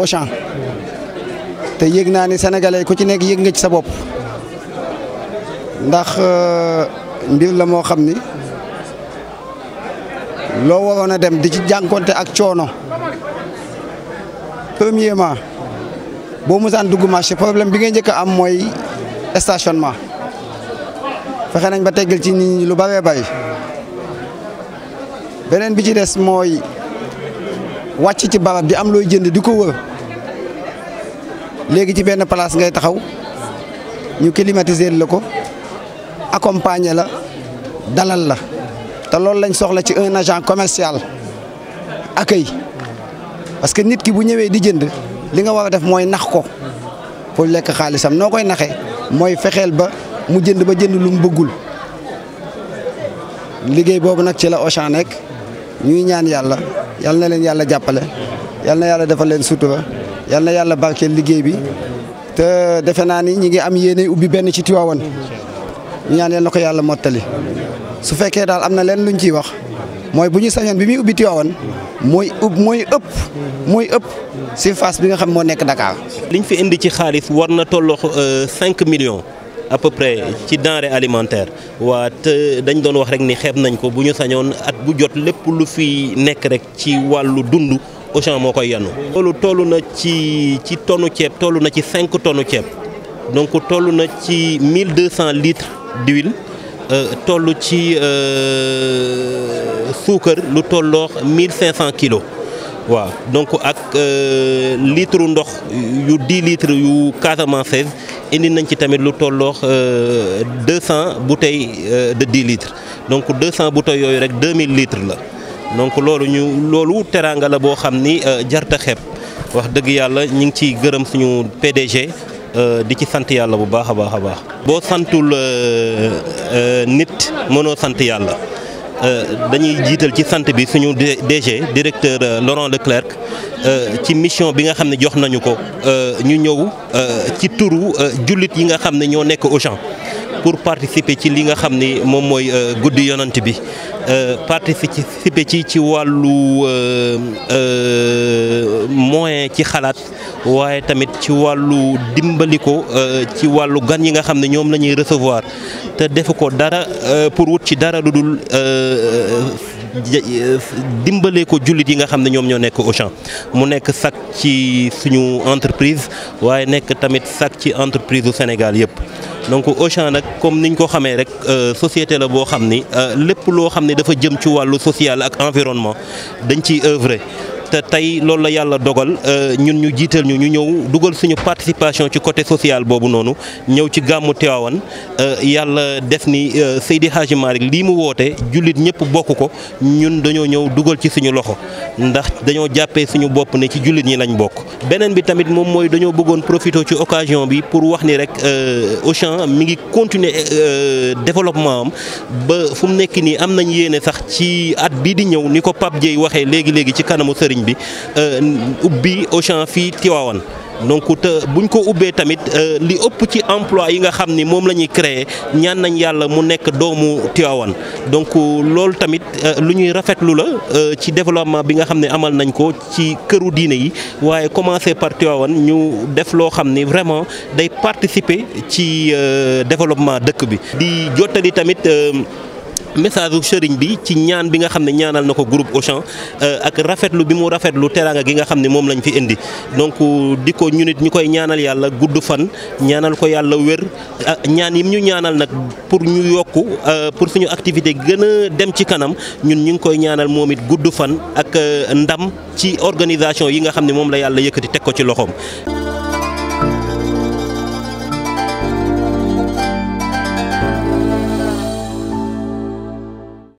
Auchan te yëg naa ni sénégalais ku ci nekk yëg nga ci sa bopp ndax euh, mbir la moo xam ni loo waroon a dem di ci jànkonte ak coono premièrement boo musaan dugg marché problème bi ngay njëkk am mooy stationnement fexe nañ ba teggal ci nit ñi lu bëree bay beneen bi ci des mooy wàcc ci barab di am looy jënd di ko wër. léegi ci benn place ngay taxaw ñu climatiser la ko accompagner la dalal la te loolu lañ soxla ci un agent commercial accueil parce que nit ki bu ñëwee di jënd li nga war a def mooy nax ko pour lekk xaalisam noo koy naxee mooy fexeel ba mu jënd ba jënd lu mu bëggul liggéey boobu nag ci la Auchan nekk ñuy ñaan yàlla yàlla na leen yàlla jàppale yàlla na yàlla defal leen la yal na yàlla barkeel liggéey bi te defe naa ni ñi ngi am yéene ubbi benn ci Tiwaawan ñu ñaan yal na ko yàlla mottali su fekkee daal am na leen luñ ciy wax mooy bu ñu sañoon bi muy ubbi Tiwaawan mooy ub mooy ëpp mooy ëpp surface bi nga xam moo nekk Dakar. liñ fi indi ci xaalis war na tolloo 5 euh, millions. à peu près ci denrée alimentaire waa te dañ doon wax rek ni xeeb nañ ko bu ñu sañoon at bu jot lépp lu fi nekk rek ci wàllu dund Ocean moko yanu tolu na ci ci tonu tolu 5 tonu ciep donc tolu na ci 1200 litres d'huile euh tolu ci euh sucre lu tolo 1500 kg donc ak euh, litre 10 litres yu 96 indi nañ ci tamit 200 euh, bouteilles euh, de 10 litres donc 200 bouteilles c'est 2000 litres donc loolu ñu loolu teraanga la boo xam ni euh, jarta xeeb wax dëgg yàlla ñu ngi ciy gërëm suñu PDG euh, di ci sant yàlla bu baax a baax a baax. boo santul euh, nit mënoo sant yàlla dañuy jiital ci sant bi suñu DG directeur Laurent Leclerc ci mission bi nga xam ne jox nañu ko ñu ñëw ci turu jullit yi nga xam ne ñoo nekk au Auchan. pour participer ci li nga xam ni moom mooy euh, guddi yonant bi euh, participer ci ci wàllu euh, moyen ci xalaat waaye tamit ci wàllu dimbali dimbaliko ci wàllu gan yi nga xam ne ñoom la ñuy recevoir te defu ko dara pour wut ci dara lu dul E, dimbalee ko jullit yi nga xam ne ñoom ñoo nekk Auchan mu nekk sax ci suñu entreprise waaye nekk tamit sax ci entreprise u Sénégal yëpp donc Auchan nag comme niñ ko xamee rek euh, société la boo xam ni euh, lépp loo xam ne dafa jëm ci wàllu sociale ak environnement dañ ciy œuvrer te tey loolu la yàlla dogal euh, ñun ñu jiital ñu ñu ñëw dugal suñu participation ci côté social boobu noonu ñëw ci gàmmu Tiwaawan euh, yàlla def ni euh, Seydi Hadji Malick lii mu woote jullit ñëpp bokk ko ñun dañoo ñëw dugal ci suñu loxo ndax dañoo jàppee suñu bopp ne ci jullit ñi lañ bokk beneen bi tamit moom mooy dañoo bëggoon profité ci occasion bi pour wax ni rek euh, Auchan mi ngi continuer euh, développement am ba fu mu nekk nii am nañ yéene sax ci at bi di ñëw ni ko Pape Dieye waxee léegi léegi ci kanamu sëriñ bi euh, ubbi Auchan fii Tiwaawan donc te buñ ko ubbee tamit euh, li ëpp ci emploi yi nga xam ni moom la ñuy créer ñaan nañ yàlla mu nekk doomu Tivaouane donc loolu tamit euh, lu ñuy rafetlu la euh, ci développement bi nga xam ne amal nañ ko ci këru diine yi waaye commencer par Tivaouane ñu def loo xam ni vraiment day participer ci développement dëkk bi di jottali tamit. message u sëriñ bi ci ñaan bi nga xam ne ñaanal na ko groupe Auchan euh, ak rafetlu bi mu rafetlu teraanga gi nga xam ne moom lañ fi indi donc di ko ñu it ñu koy ñaanal yàlla gudd fan ñaanal ko yàlla wér ñaan yi ñu ñaanal nag pour ñu yokku euh, pour suñu activité gën a dem ci kanam ñun ñu ngi koy ñaanal moom it gudd fan ak euh, ndam ci organisation yi nga xam ne moom la yàlla yëkkati teg ko ci loxoom